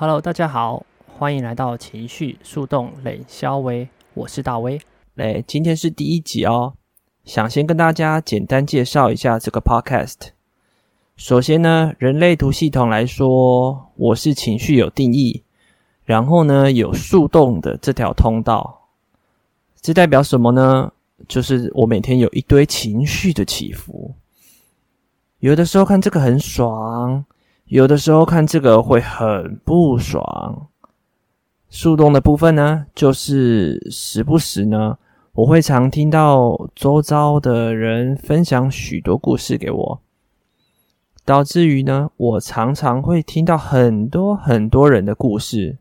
Hello，大家好，歡迎來到情緒樹洞冷肖威，我是大威。來，今天是第一集哦，想先跟大家簡單介紹一下這個 Podcast。首先呢，人類圖系統來說，我是情緒有定義，然後呢，有樹洞的這條通道，這代表什麼呢？就是我每天有一堆情緒的起伏，有的時候看這個很爽。有的時候看這個會很不爽。樹洞的部分呢，就是時不時呢，我會常聽到周遭的人分享許多故事給我，導致於呢，我常常會聽到很多很多人的故事。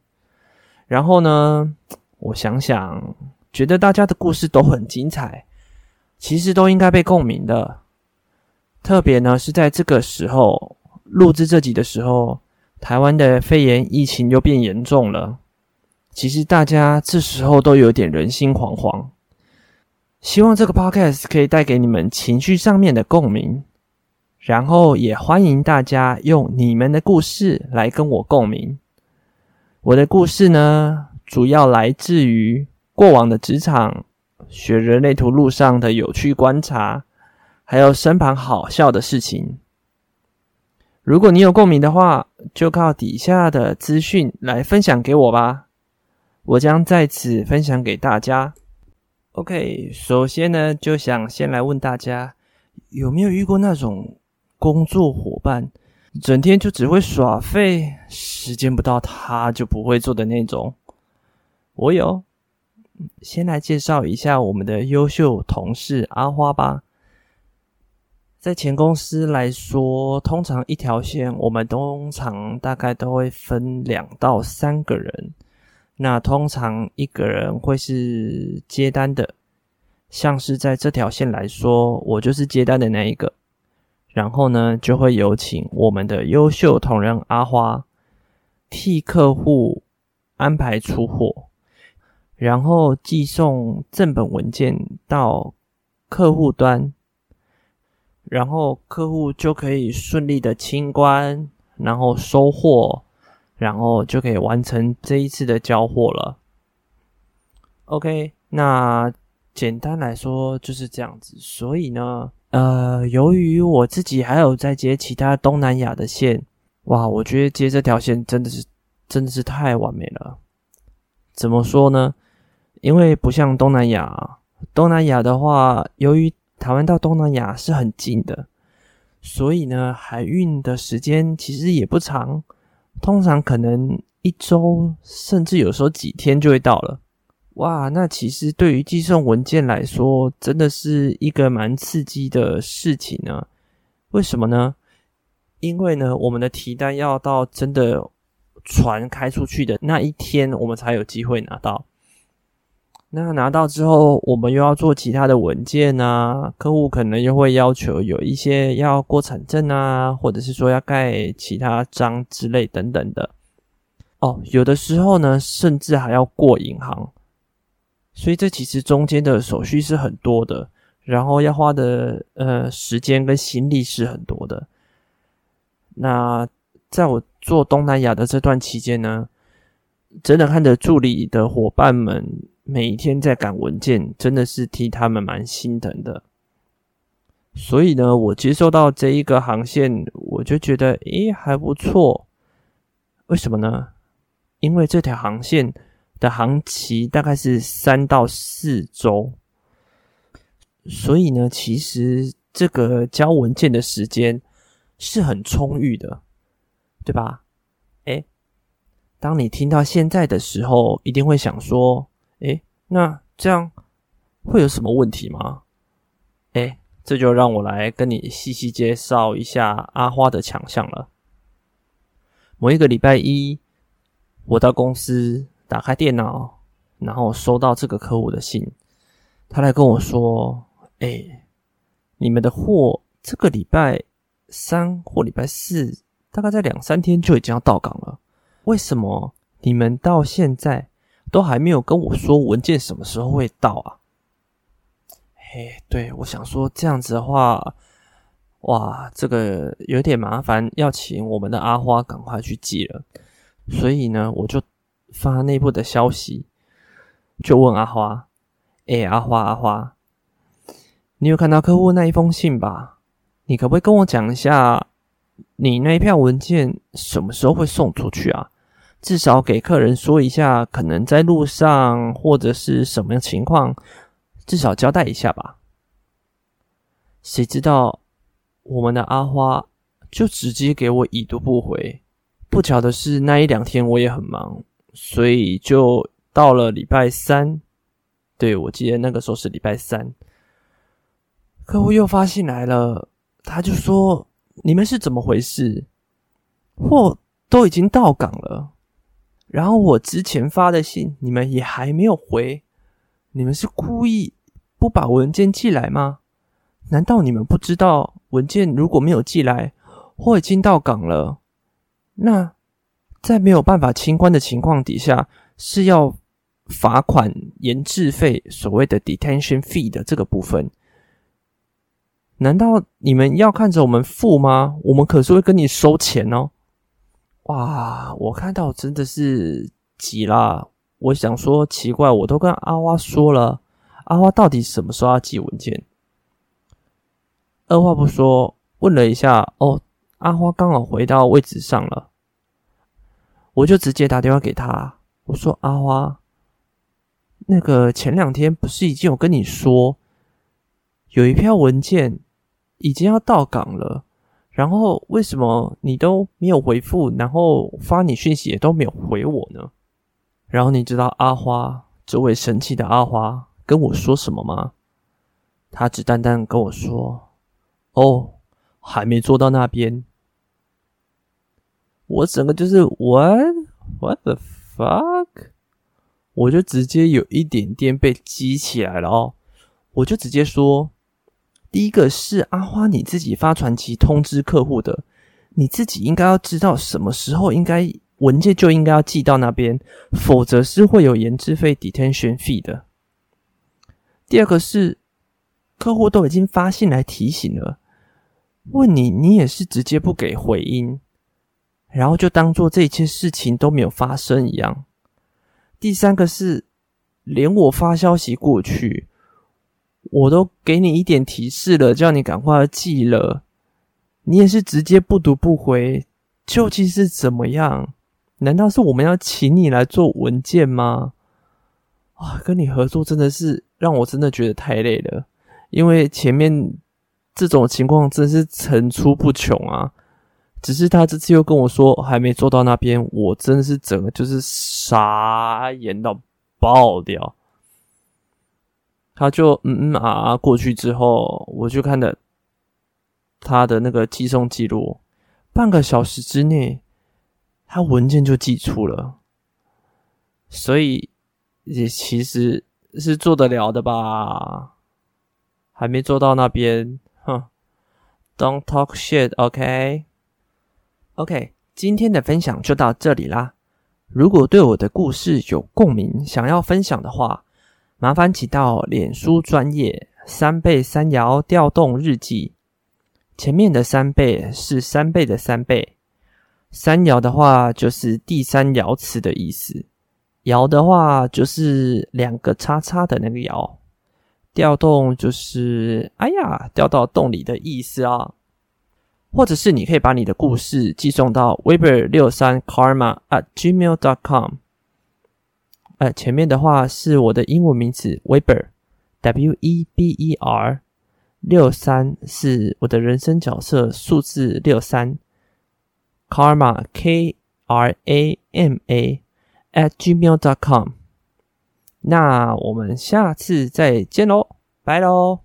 然後呢，我想想，覺得大家的故事都很精彩，其實都應該被共鳴的。特別呢，是在這個時候。錄製這集的時候，台灣的肺炎疫情又變嚴重了。其實大家這時候都有點人心惶惶。希望這個 podcast 可以帶給你們情緒上面的共鳴，然後也歡迎大家用你們的故事來跟我共鳴。我的故事呢，主要來自於過往的職場、學人類圖路上的有趣觀察，還有身旁好笑的事情。如果你有共鳴的話，就靠底下的資訊來分享給我吧，我將在此分享給大家。OK，首先呢，就想先來問大家，有沒有遇過那種工作夥伴，整天就只會耍廢，時間不到他就不會做的那種？我有，先來介紹一下我們的優秀同事阿花吧。在前公司來說，通常一條線，我們通常大概都會分兩到三個人。那通常一個人會是接單的，像是在這條線來說，我就是接單的那一個。然後呢，就會有請我們的優秀同仁阿花替客戶安排出貨，然後寄送正本文件到客戶端。然後客戶就可以順利的清關，然後收貨，然後就可以完成這一次的交貨了。OK，那簡單來說就是這樣子。所以呢，呃，由於我自己還有在接其他東南亞的線，哇，我覺得接這條線真的是真的是太完美了。怎麼說呢？因為不像東南亞，東南亞的話，由於台灣到東南亞是很近的，所以呢，海運的時間其實也不長，通常可能一周，甚至有時候幾天就會到了。哇，那其實對於寄送文件來說，真的是一個蠻刺激的事情呢、啊。為什麼呢？因為呢，我們的提單要到真的船開出去的那一天，我們才有機會拿到。那拿到之後，我們又要做其他的文件啊，客戶可能又會要求有一些要過產證啊，或者是說要蓋其他章之類等等的。哦，有的時候呢，甚至還要過銀行，所以這其實中間的手續是很多的，然後要花的呃時間跟心力是很多的。那在我做東南亞的這段期間呢，真的看着助理的伙伴們。每一天在趕文件，真的是替他們蠻心疼的。所以呢，我接受到這一個航線，我就覺得，咦，還不錯。為什麼呢？因為這條航線的航期大概是三到四周，所以呢，其實這個交文件的時間是很充裕的，對吧？哎，當你聽到現在的時候，一定會想說。那這樣會有什麼問題嗎？哎，這就讓我來跟你細細介紹一下阿花的強項了。某一個禮拜一，我到公司打開電腦，然後收到這個客戶的信，他來跟我說：“哎，你們的貨這個禮拜三或禮拜四，大概在兩三天就已經要到港了，為什麼你們到現在？”都還沒有跟我說文件什麼時候會到啊？嘿，對，我想說這樣子的話，哇，這個有點麻煩，要請我們的阿花趕快去寄了。所以呢，我就發內部的消息，就問阿花：“哎、欸，阿花阿花，你有看到客戶那一封信吧？你可不可以跟我講一下，你那一票文件什麼時候會送出去啊？”至少給客人說一下，可能在路上或者是什麼情況，至少交代一下吧。誰知道我們的阿花就直接給我已讀不回。不巧的是那一兩天我也很忙，所以就到了禮拜三。對，我記得那個時候是禮拜三，客戶又發信來了，他就說：“你們是怎麼回事？貨都已經到港了。”然後我之前發的信你們也還沒有回，你們是故意不把文件寄來嗎？難道你們不知道文件如果沒有寄來，貨已經到港了，那在沒有辦法清關的情況底下是要罰款延滯費，所謂的 detention fee 的這個部分，難道你們要看着我們付嗎？我們可是會跟你收錢哦。哇，我看到我真的是急啦！我想說奇怪，我都跟阿花說了，阿花到底什麼時候要寄文件？二話不說，問了一下哦，阿花剛好回到位置上了，我就直接打電話給他，我說阿花，那個前兩天不是已經有跟你說，有一票文件已經要到港了。然後為什麼你都沒有回復？然後發你訊息也都沒有回我呢？然後你知道阿花這位神奇的阿花跟我說什麼嗎？他只淡淡跟我說：“哦，還沒坐到那邊。”我整個就是 What？What the fuck？我就直接有一點點被激起來了哦，我就直接說。第一個是阿、啊、花，你自己發傳奇通知客戶的，你自己應該要知道什麼時候應該文件就應該要寄到那邊，否則是會有延滯費 （detention fee） 的。第二個是客戶都已經發信來提醒了，問你，你也是直接不給回音，然後就當做這一切事情都沒有發生一樣。第三個是連我發消息過去，我都給你一點提示了，叫你趕快寄了，你也是直接不讀不回，究竟是怎麼樣？難道是我們要請你來做文件嗎？啊，跟你合作真的是讓我真的覺得太累了，因為前面這種情況真的是層出不窮啊！只是他這次又跟我說還沒做到那邊，我真的是整個就是傻眼到爆掉。他就嗯嗯啊過去之後，我就看了他的那個寄送記錄，半個小時之內，他文件就寄出了，所以也其實是做得了的吧，還沒做到那邊，哼，Don't talk shit，OK，OK，okay? Okay, 今天的分享就到這裡啦，如果對我的故事有共鳴，想要分享的話。麻煩起到臉書專頁三倍三爻調動日記。前面的三倍是三倍的三倍，三爻的話就是第三爻辭的意思。爻的話就是兩個叉叉的那個爻。調動就是哎呀掉到洞裡的意思啊。或者是你可以把你的故事寄送到 weber 六三 karma at gmail dot com。呃，前面的話是我的英文名字 Weber W E B E R，六三是我的人生角色，數字六三，Karma K R A M A at gmail dot com。那我們下次再見嘍，拜嘍。